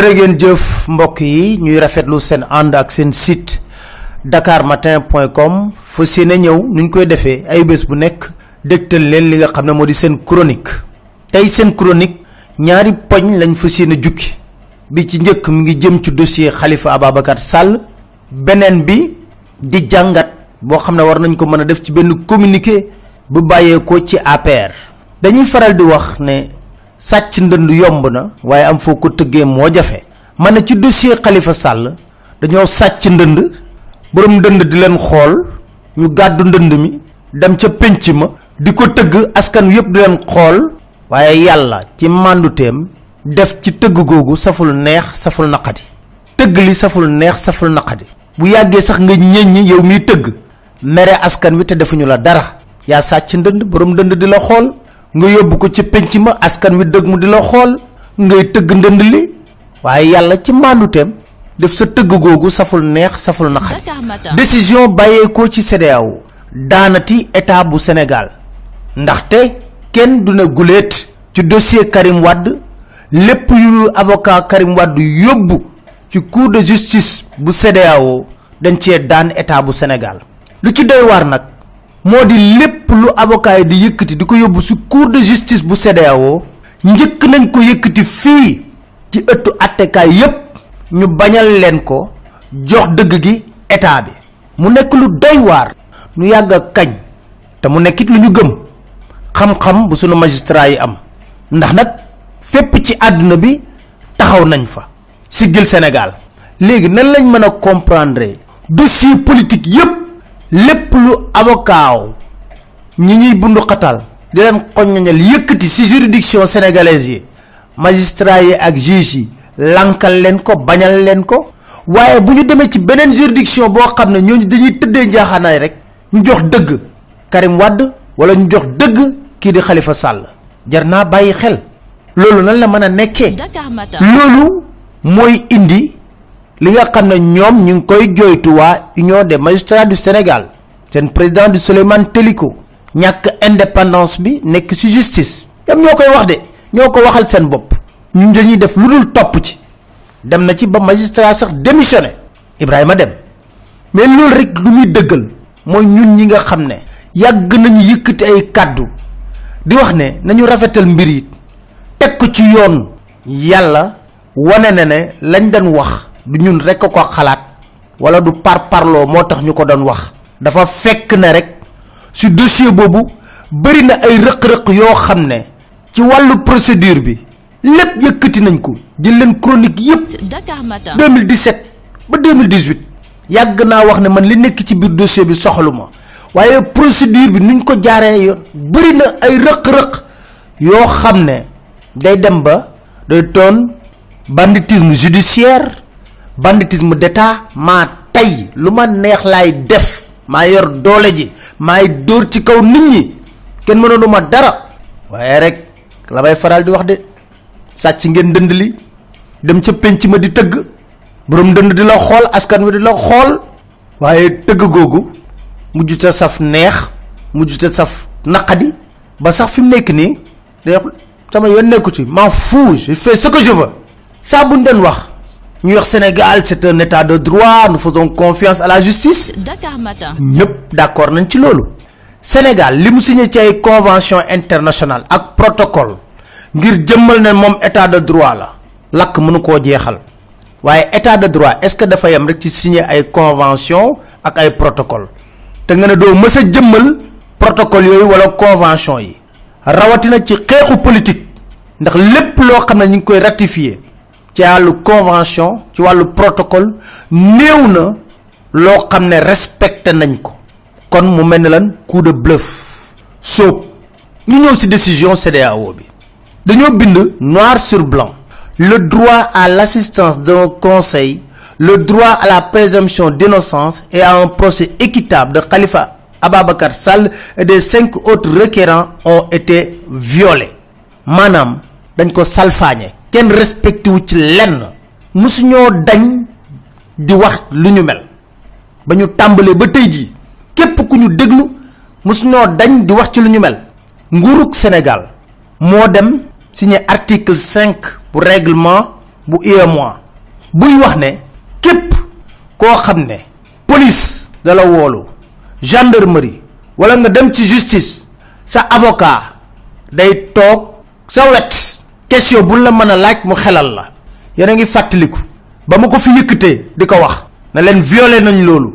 jere ngeen jëf mbokk yi ñuy rafetlu seen ànd ak seen site dakarmatin.com fa seen a ñëw nuñ koy defee ay bés bu nekk dégtal leen li nga xam ne moo di seen chronique tey seen chronique ñaari poñ lañ fa seen jukki bi ci njëkk mi ngi jëm ci dossier xalifa ababacar sall beneen bi di jàngat boo xam ne war nañ ko mën a def ci benn communiqué bu bàyyeekoo ci APR dañuy faral di wax ne sàcc ndënd yomb na waaye am foo ko tëggee moo jafe man ci dossier xalifa sàll dañoo sàcc ndënd borom ndënd di leen xool ñu gàddu ndënd mi dem ca ma di ko tëgg askan yépp di leen xool waaye yàlla ci def ci tëgg googu saful neex saful naqadi tëgg li saful neex saful naqadi bu yàggee sax nga ñeññ yow miy tëgg mere askan wi te defuñu la dara yaa sàcc ndënd borom ndënd di la xool nga yóbbu ko ci penc askan wi dëgg mu di la xool ngay tëgg ndënd li waaye yàlla ci mandutem def sa tëgg googu saful neex saful naqar décision ko ci CEDEAO daanati état bu Sénégal ndaxte kenn du ne guleet ci dossier Karim Wade lépp yu avocat Karim Wade yóbbu ci cour de justice bu CEDEAO dañ cee daan état bu Sénégal lu ci doy war nag moo lu avocat yi di yëkëti ko yobbu ci cour de justice bu CDAO njëkk nañ ko yëkëti fi ci ëttu attéka yépp ñu bañal leen ko jox dëgg gi état bi mu nekk lu doy waar nu yàgg kañ te mu nekkit lu ñu gëm xam-xam bu sunu magistrat yi am ndax nag fépp ci àdduna bi taxaw nañ fa gil sénégal léegi nan lañ mën a comprendre dossier politique yépp lépp lu avocat ñi ñuy bundu xatal di leen xoññañal yëkkati si juridiction sénégalaise yi magistrat yi ak juge yi lankal leen ko bañal leen ko waaye bu ñu demee ci beneen juridiction boo xam ne ñooñu dañuy tëddee njaaxanaay rek ñu jox dëgg karim wadd wala ñu jox dëgg kii di xalifa sàll jar naa xel loolu nan la mën a nekkee loolu indi li nga xam ne ñoom ñu ngi koy joytu waa union des magistrats du sénégal seen président du teliko ñàkk indépendance bi nekk si justice ñoom ñoo koy wax de ñoo ko waxal seen bopp ñun dañuy def lu dul topp ci dem na ci ba magistrat sax démissionné ibrahima dem mais loolu rek lu muy dëggal mooy ñun ñi nga xam ne yàgg nañu yëkkati ay kàddu di wax ne nañu rafetal mbir yi teg ko ci yoon yàlla wane na ne lañ doon wax du ñun rek ko xalaat wala du par parloo moo tax ñu doon wax dafa fekk ne rek ci dossier bobu bari na ay rek rek yo xamne ci walu procédure bi lepp yëkëti nañ ko di leen chronique yépp 2017 ba 2018 yàgg naa wax ne man li nekk ci biir dossier bi soxluma waaye procédure bi nuñ ko jaaree yoon bari na ay rëq-rëq yoo xam ne day dem ba day toon banditisme judiciaire banditisme d'état maa tey lu neex laay def Mayor yor doole ji may dóor ci kaw nit ñi kenn mënaluma dara waaye rek la may faral di wax de sàcc ngeen dënd li dem ca penc ma di tëgg borom dënd di la xool askan wi di la xool waaye tëgg googu mujj saf neex mujj saf naqadi ba sax fi mu nekk nii day sama yoon nekku ci m'en fous je fais ce que je veux saa buñ doon wax New wax Sénégal c'est un état de droit nous faisons confiance à la justice Dakar matin ñep d'accord nañ ci lolu Sénégal limu signé ci ay convention internationale ak protocole ngir jëmmal ne mom état de droit la lak mënu ko jéxal waye état de droit est-ce que dafa yam rek ci signer ay convention ak ay protocole te nga ne do a jëmmal protocole yoyu wala convention yi rawati na ci xexu politique ndax lepp lo xamne ñu koy ratifier as le convention ci le protocole newna lo respecté nañ ko kon mu mel coup de bluff soob ñu ñew une décision CDAO bi avons bind noir sur blanc le droit à l'assistance d'un conseil le droit à la présomption d'innocence et à un procès équitable de Khalifa Ababakar Sall et des cinq autres requérants ont été violés Manam, dañ ko kenn respecté wu ci lenn musuñoo dañ di wax lu ñu mel ba ñu tàmbalee ba tey ji képp ku ñu déglu dañ di wax ci lu ñu mel nguruk sénégal moo dem signé article 5 bu règlement bu UEMOA buy wax ne képp koo xam ne police da la woolu gendarmerie wala nga dem ci justice sa avocat day toog sa wet question bu la mën laaj mu xelal la yéen a ngi fàttaliku ba ma ko fi yëkkatee di ko wax na leen violé nañ loolu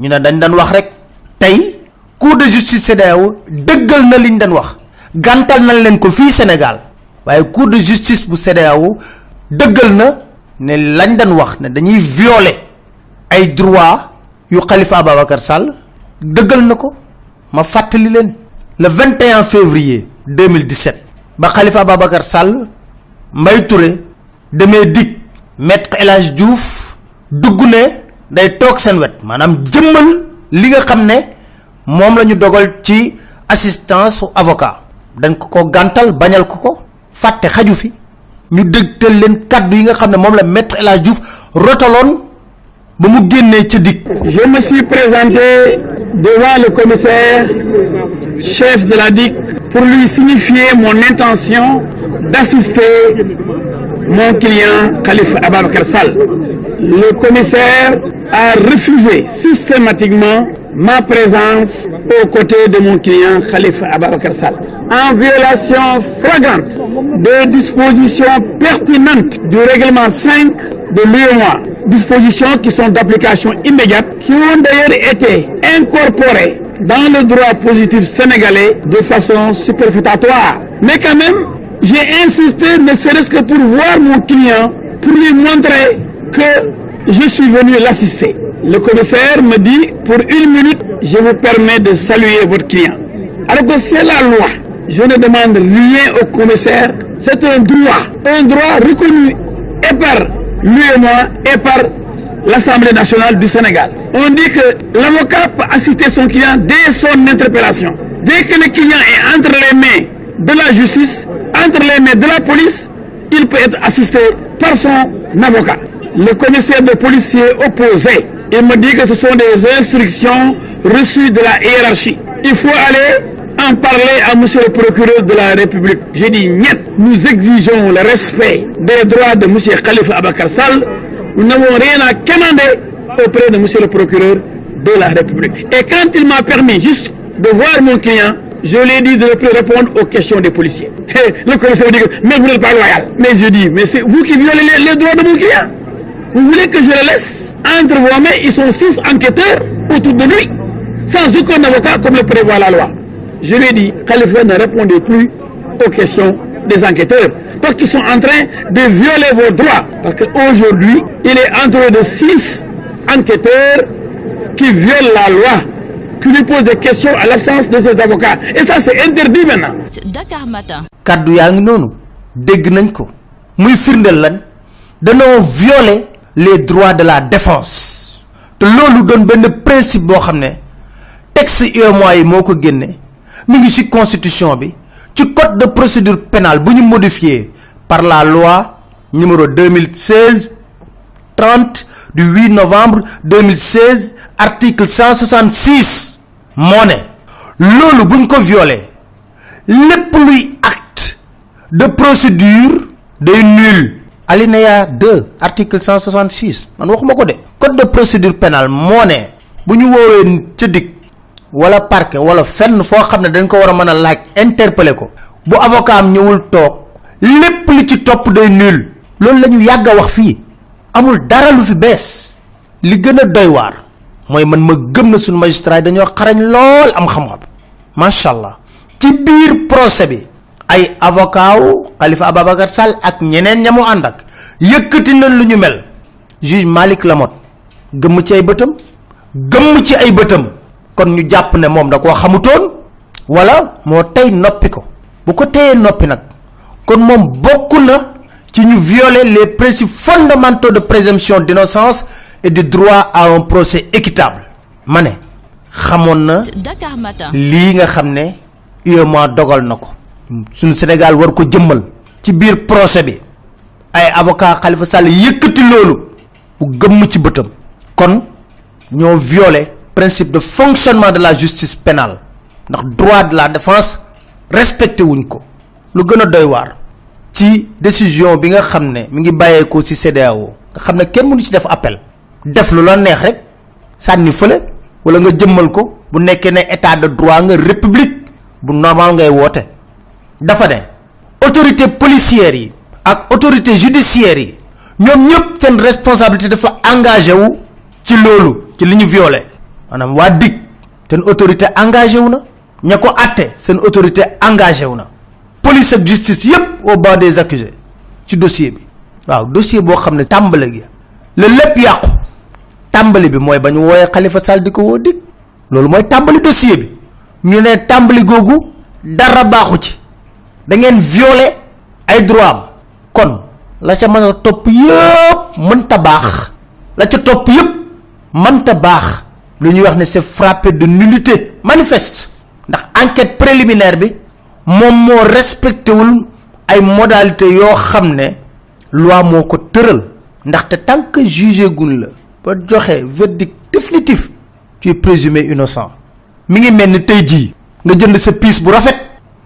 ñu ne dañ dan wax rek tey cour de justice CEDEAO dëggal na liñ dan wax gantal nañ leen ko fii Sénégal waaye cour de justice bu CEDEAO dëggal na ne lañ dan wax ne dañuy violé ay droit yu Khalifa babacar Sall dëggal na ma fàttali leen le 21 février 2017 ba khalifa ababakar sall mbay touré demee dig maître elage diouf dugg day toog seen wet manam jëmmal li nga xam ne moom la ñu dogal ci assistance avocat dañ ko ko bañal ko ko fàtte xaju fi ñu leen kaddu yi nga la maître elage diouf je me suis présenté devant le commissaire chef de la DIC pour lui signifier mon intention d'assister mon client Khalifa Ababakar Kersal. Le commissaire a refusé systématiquement ma présence aux côtés de mon client Khalifa Ababakar Kersal en violation flagrante des dispositions pertinentes du règlement 5 de l'UEMOA dispositions qui sont d'application immédiate, qui ont d'ailleurs été incorporées dans le droit positif sénégalais de façon superfétatoire. Mais quand même, j'ai insisté, ne serait-ce que pour voir mon client, pour lui montrer que je suis venu l'assister. Le commissaire me dit, pour une minute, je vous permets de saluer votre client. Alors que c'est la loi. Je ne demande rien au commissaire. C'est un droit, un droit reconnu et par lui et par l'Assemblée nationale du Sénégal. On dit que l'avocat peut assister son client dès son interpellation. Dès que le client est entre les mains de la justice, entre les mains de la police, il peut être assisté par son avocat. Le commissaire de policiers opposé, il me dit que ce sont des instructions reçues de la hiérarchie. Il faut aller parler à monsieur le procureur de la République. J'ai dit, net, nous exigeons le respect des droits de monsieur Khalifa Abakar Nous n'avons rien à commander auprès de monsieur le procureur de la République. Et quand il m'a permis juste de voir mon client, je lui ai dit de ne plus répondre aux questions des policiers. le commissaire dit, mais vous n'êtes pas loyal. Mais je dis, mais c'est vous qui violez les, droits de mon client. Vous voulez que je le laisse Entre vous mais ils sont six enquêteurs autour de lui, sans aucun avocat comme le prévoit la loi je lui ai dit, Khalifa ne répondait plus aux questions des enquêteurs parce qu'ils sont en train de violer vos droits. Parce qu'aujourd'hui, il est entre de six enquêteurs qui violent la loi qui lui pose des questions à l'absence de ses avocats. Et ça, c'est interdit maintenant. Dakar Matin. kaddu yaa ngi noonu nañ ko muy violer les droits de la défense te loolu donne benn principe boo xam texte et moi et ko génne mi ci constitution bi code de procédure pénale bu modifié par la loi numéro 2016 30 du 8 novembre 2016 article 166 moné ne buñ ko violé acte de procédure de nul alinéa 2 article 166 man code de procédure pénale monnaie ne ci wala parke wala fenn foo xam ne dañ ko war a mën a laaj interpeller ko bu avocat am ñëwul toog lépp li ci topp day nul loolu la ñu yàgg wax fii amul dara lu fi bees li gën a doy waar mooy man ma gëm na suñu magistrat yi dañoo xarañ lool am xam-xam macha allah ci biir procès bi ay avocat wu xalifa ababacar sall ak ñeneen ñamu ànd ak yëkkati nañ lu ñu mel juge malik lamot gëm ci ay bëtam gëm ci ay bëtam kon ñu japp ne mom da ko wala mo tay nopi ko bu ko nopi nak kon mom bokku na ci ñu les principes fondamentaux de présomption d'innocence et de droit à un procès équitable Mané, ne xamoon nga que nous dogal nako Sénégal war ko jëmmal ci biir procès bi ay avocat Khalifa Sall bu ci kon ñoo violer principe de fonctionnement de la justice pénale ndax droit de la défense respecté wuñ ko lu gëna doy war ci décision bi nga xamne mi ngi bayeko ci CDAO nga xamne kenn mënu ci def appel def lu la neex rek sanni fele wala nga jëmmal ko bu nekké né état de droit nga république bu normal ngay woté dafa né autorité policière yi ak autorité judiciaire yi ñom ñep sen responsabilité dafa engagé wu ci lolu ci liñu violer manam wa ten autorité engagé wu na ña atté sen autorité engagé wu na police ak justice yépp au bas des accusés ci dossier bi waaw dossier boo xam ne tàmbale gi le lépp yàqu tàmbali bi mooy ba ñu xalifa sall di ko woo dig loolu mooy tàmbali dossier bi ñu ne tàmbali googu dara baaxu ci da ngeen violer ay droit kon la ca mën a topp yépp ta baax la ca topp yépp ta baax lu ñuy wax ne c'est frappé de nullité manifeste ndax enquête préliminaire bi moom moo respecté wul ay modalité yoo xam ne loi moo ko tëral ndaxte tant que jugé gun la ba joxe verdict définitif tu es présumé innocent mi ngi mel ni tey jii nga jënd sa pièce bu rafet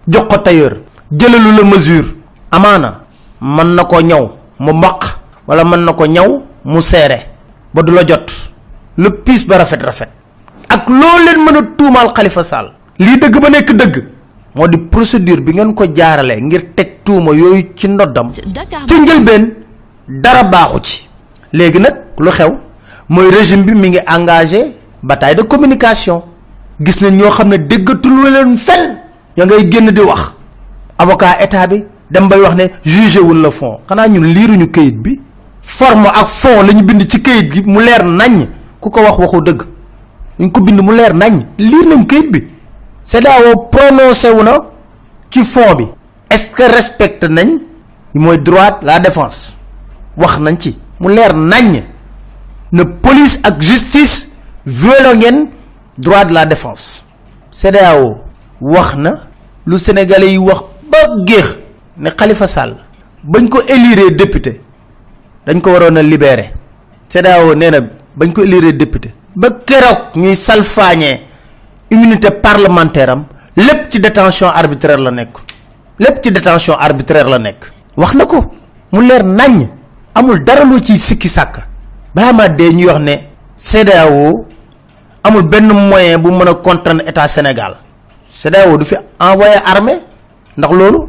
jox ko tailleur jëlalu la mesure amaana mën na ko ñaw mu maq wala mën na ko ñaw mu seere ba du la jot le pis ba rafet rafet ak lo len meuna tumal khalifa xalifa sall lii dëgg ba nek deug modi di bi ngeen ko jaarale ngir tek tuma yoy ci ndodam ci ben dara baxu ci legui nak lu xew moy regime bi mi ngi engagé bataille de communication gis nañ ñoo xamne ne déggatul leen fen ya ngay genn di wax avocat état bi dem bay wax ne jugé wul le fond xana ñun liiruñu keuyit bi forme ak fond lañu bind ci keuyit bi mu leer nañ ku ko wax waxu ko bind mu leer nañ nañ bi prononcé na est-ce que respecte nañ droit la défense wax nañ ci mu leer nañ La police ak justice droit de la défense cdao wax na lu sénégalais wax ba Khalifa Sall bañ ko député dañ ko bañ ko élire député ba kérok ñuy salfañé immunité parlementaire am lépp ci détention arbitraire la nekk lépp ci détention arbitraire la nekk wax na mu leer nañ amul dara lu ci sikki sàkk ma wax ne CDAO amul benn moyen bu mën a contraindre état Sénégal CDAO du fi envoyé armée ndax loolu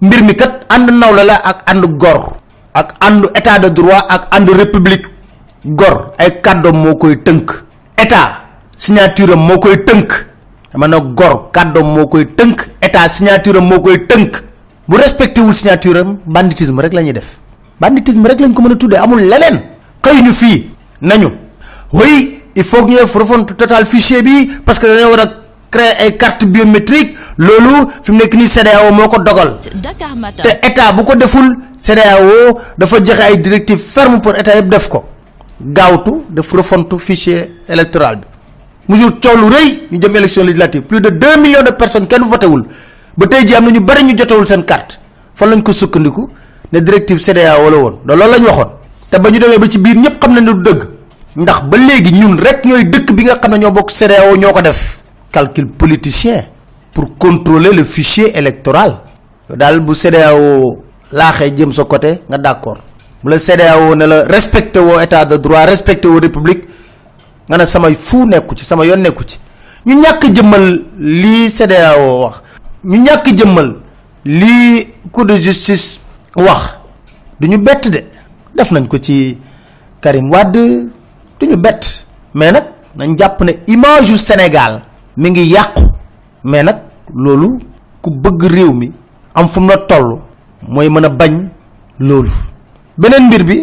mbir mi kat ànd nawla la ak ànd gor ak andu état de droit ak andu république gor ay kàddoom mo koy teunk état signature mo koy teunk dama na gor kàddoom mo koy teunk état signature mo koy teunk bu respecté wul signature banditisme rek lañuy def banditisme rek lañ ko mën tuddé amul leneen xëy ñu fi nañu oui il faut que ñu total fichier bi parce que dañu wara créer ay carte biométrique lolu fi nek ni CDAO moko dogal te état bu ko deful CDAO dafa joxe ay directive ferme pour état yeb def ko gaawtu def refonte fichier électoral bi mu jur coow lu rëy ñu jëm élection législative plus de 2 millions de personnes kenn votewul ba tey ji am na ñu bari ñu jotewul seen carte fan lañ ko sukkandiku ne directive CDA wala woon da loolu lañ waxoon te ba ñu demee ba ci biir ñëpp xam nañ ne du dëgg ndax ba léegi ñun rek ñooy dëkk bi nga xam ne ñoo bokk CDAO def calcul politicien pour contrôler le fichier électoral daal bu CDAO laaxee jëm sa côté nga d' le CDAO ne le respecté wo état de droit respecté wo république nga ne sama fu nekku ci sama yon nekku ci ñu ñak jëmmal li CDAO wax ñu ñak jëmmal li cour de justice wax duñu bet de def nañ ko ci Karim Wade duñu bet mais nak nañ japp ne image du Sénégal mi ngi mais nak lolu ku bëgg réew mi am fu mu la toll mooy bañ lolu Benen mbir bi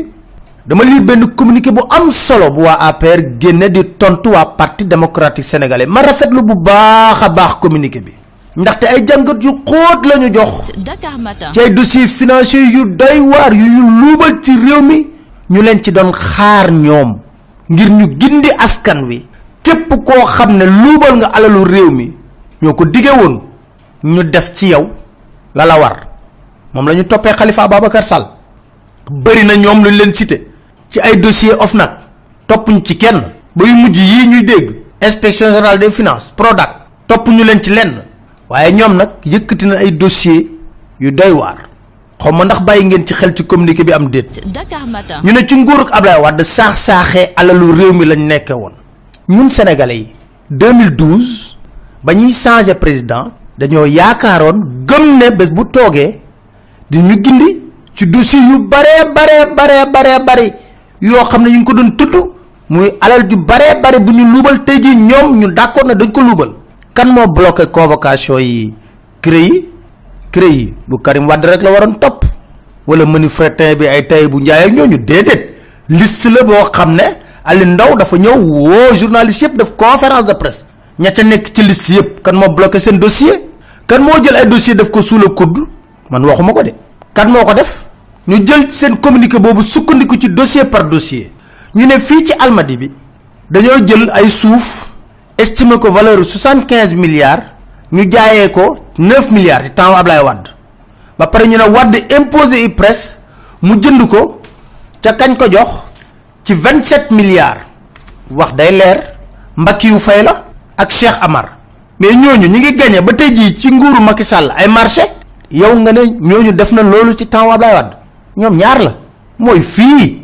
dama lire benn communiqué bu am solo bu waa APR génne di tontu waa parti démocratique sénégalais ma rafetlu bu baax a baax communiqué bi ndaxte ay jàngat yu xóot lañu jox ci ay dossier financier yu doy waar yu ñu luubal ci réew mi ñu leen ci doon xaar ñoom ngir ñu gindi askan wi képp koo xam ne nga alalu réew mi ñoo ko dige woon ñu def ci yow la la war moom la ñu toppee xalifa sall bari na ñoom luñ leen cité ci ay dossier ofnac topuñ ci kenn ba yu mujj yi ñuy dégg inspection générale des finances prodac toppuñu leen ci lenn waaye ñoom nag yëkkati na ay dossier yu doy waar xawma ndax bàyyi ngeen ci xel ci communiqué bi am déet ñu ne ci nguuruk ablaye wadd saax saaxee alalu réew mi lañ nekke woon ñun sénégalais yi 2012 ba ñuy changer président dañoo yaakaaroon gëm ne bés bu toogee di ñu gindi ci dossier yu bare bare bare bare bare yo xamne ñu ko doon tuddu muy alal ju bare bare bu ñu lubal tay ji ñom ñu d'accord na dañ ko lubal kan mo bloquer convocation yi créé créé bu karim wadd rek la waron top wala mëni fretin bi ay tay bu ñay ak ñoñu déedéet liste la bo xamne ali ndaw dafa ñew wo journaliste yëpp def conférence de presse ña ca ci liste kan mo bloquer sen dossier kan mo jël ay dossier def ko sous le man waxuma ko de kan moko def ñu jël seen communiqué boobu sukkandiku ci dossier par dossier ñu ne fii ci almadi bi dañoo jël ay suuf estimé ko valeur 75 milliards ñu jaayee ko 9 milliards ci temps Ablaye Wade ba pare ñu ne Wade imposé i presse mu jënd ko ca kañ ko jox ci 27 milliards wax day leer mbakki yu fay la ak Cheikh Amar mais ñooñu ñi ngi gagné ba tey jii ci nguuru Macky ay marché yow nga ne ñu def na loolu ci temps ablaye wad ñoom ñaar la mooy fii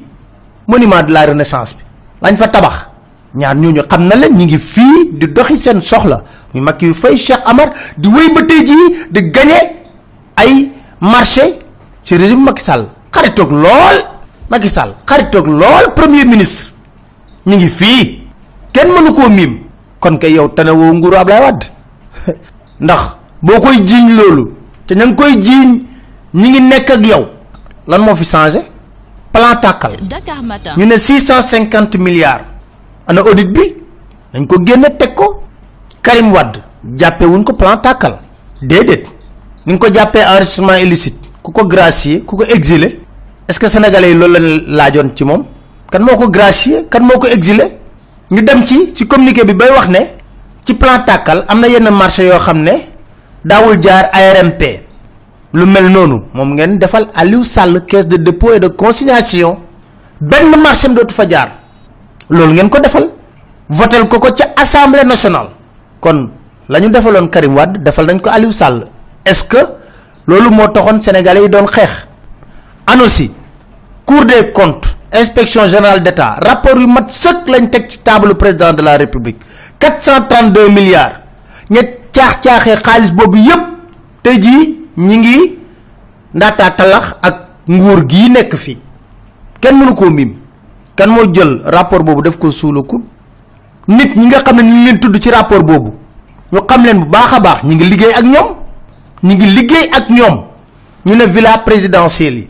monument de la renaissance bi lañ fa tabax ñaar ñu xam na leen ñi ngi fii di doxi seen soxla muy makki fay cheikh amar di wéy ba tey jii di gagner ay marché ci régime Macky Sall xaritoog lool Macky Sall xaritoog lool premier ministre ñi ngi fii kenn mënu koo miim kon kay yow tane woo nguuru ablaye ndax boo koy jiiñ loolu te ñang koy jiñ ñi ngi nekk ak yow lan mo fi changer plan tàkkal ñu ne 650 milliards ana audit bi dañ ko genn tek ko karim wad jappé wuñ ko plan takal dedet ni ko jappé enrichissement illicite ku ko gracier ku ko exiler est ce que sénégalais yi loolu la laajoon ci mom kan moko ko gracier kan moko ko ñu dem ci ci communiqué bi bay wax ne ci plan takal am na yenn marché yo xamné ne daawul jaar ARMP lu mel noonu moom ngeen defal Aliou Sall caisse de dépôt et de consignation benn marché dootu fa jaar loolu ngeen ko defal votel ko ko ci assemblée nationale kon lañu defaloon Karim Wade defal nañ ko Aliou Sall est-ce que loolu moo taxoon sénégalais yi doon xeex anosi cour des comptes inspection générale d'état rapport yu mat sëkk lañ teg ci table président de la république 432 milliards ñet tiax tiaxé xaalis bobu yépp tey ji ñi ngi ndata talax ak nguur gi nekk fi kenn mënu ko mim kan mo jël rapport bobu def ko sulu ku nit ñi nga xamné ñu leen tuddu ci rapport bobu ñu xam leen bu baaxa baax ñi ngi liggéey ak ñom ñi ngi liggéey ak ñom ñu né villa présidentielle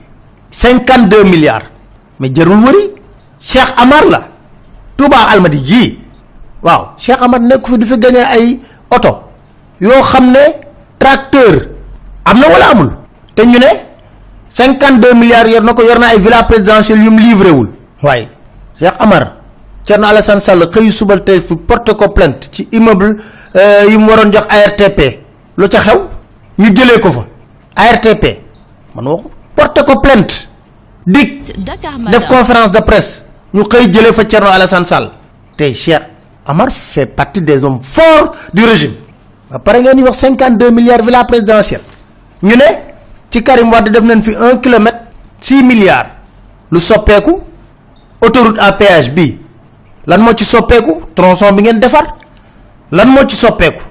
52 milliards mais jërul wëri cheikh amar la touba almadi ji waaw cheikh amar nekk fi du fi gagné ay auto Yo tracteur Amna wala amul ñu ne cinquante milliards yor na yor ay villa présidentielle yum livré wul Cheikh Amar Alassane Sall xey subal porte ko plainte ci immeuble euh yum jox ARTP lu ca xew ñu jëlé ko fa ARTP man waxu porte ko plainte dik def conférence de presse ñu xey jëlé fa Alassane Sall Cheikh Amar fait partie des hommes forts du régime ba pare ngeen wax 52 milliards villa présidentielle ñu ne ci Karim wad def nañ fi 1 km 6 milliards lu soppeku autoroute à péage bi lan mo ci soppeku tronçon bi ngeen defar lan mo ci soppeku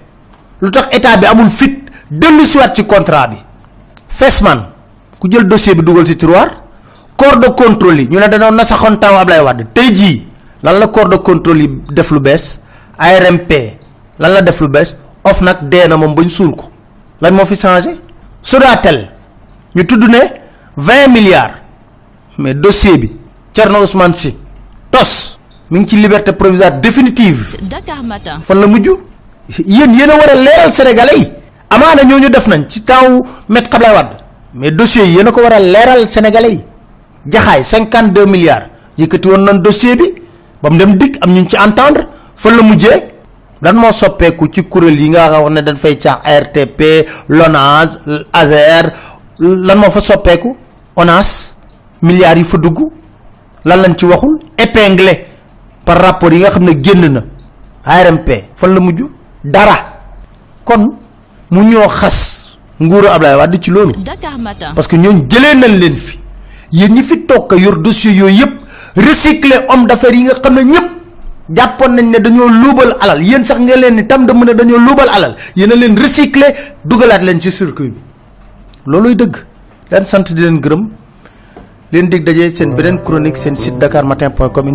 lu tax état bi amul fit demi suat ci contrat bi fesman ku jël dossier bi duggal ci tiroir corps de contrôle yi ñu ne dañoo nasaxoon taw ablay wad tey lan la corps de contrôle def lu ARMP lan la def lu of nak dee na moom bañ suul ko lan moo fi suratel ñu tudd ne 20 milliards mais dossier bi Thierno Ousmane si tos mi ngi ci liberté provisoire définitive Dakar matin fan la mujj yéen yéen a war a leeral sénégalais yi def nañ ci taw met xablay wad, mais dossier yi yéen a ko war a sénégalais yi jaxaay 52 milliards yëkkati woon nañ dossier bi ba mu dem dikk am ñu ci entendre fan la dan mo ku ci kurel yi nga xawone dañ fay tiax rtp l'ONAS azr lan mo fa ku onas milliards yi fa dugg lan lañ ci waxul épinglé par rapport yi nga xamné genn na armp fa la muju dara kon mu ñoo xass nguru ablaye wad ci lolu parce que ñoon jëlé nañ leen fi yeen ñi fi tok yor dossier yoy yëpp recycler homme d'affaires yi nga xamné ñëpp japon nañ ne dañoo luubal alal yeen sax nga leen ni tam de mëna dañoo luubal alal yéen leen recycler dugalaat leen ci circuit bi loluy deug dañ sant di leen gërëm leen dig dajé seen benen chronique seen site dakar matin point com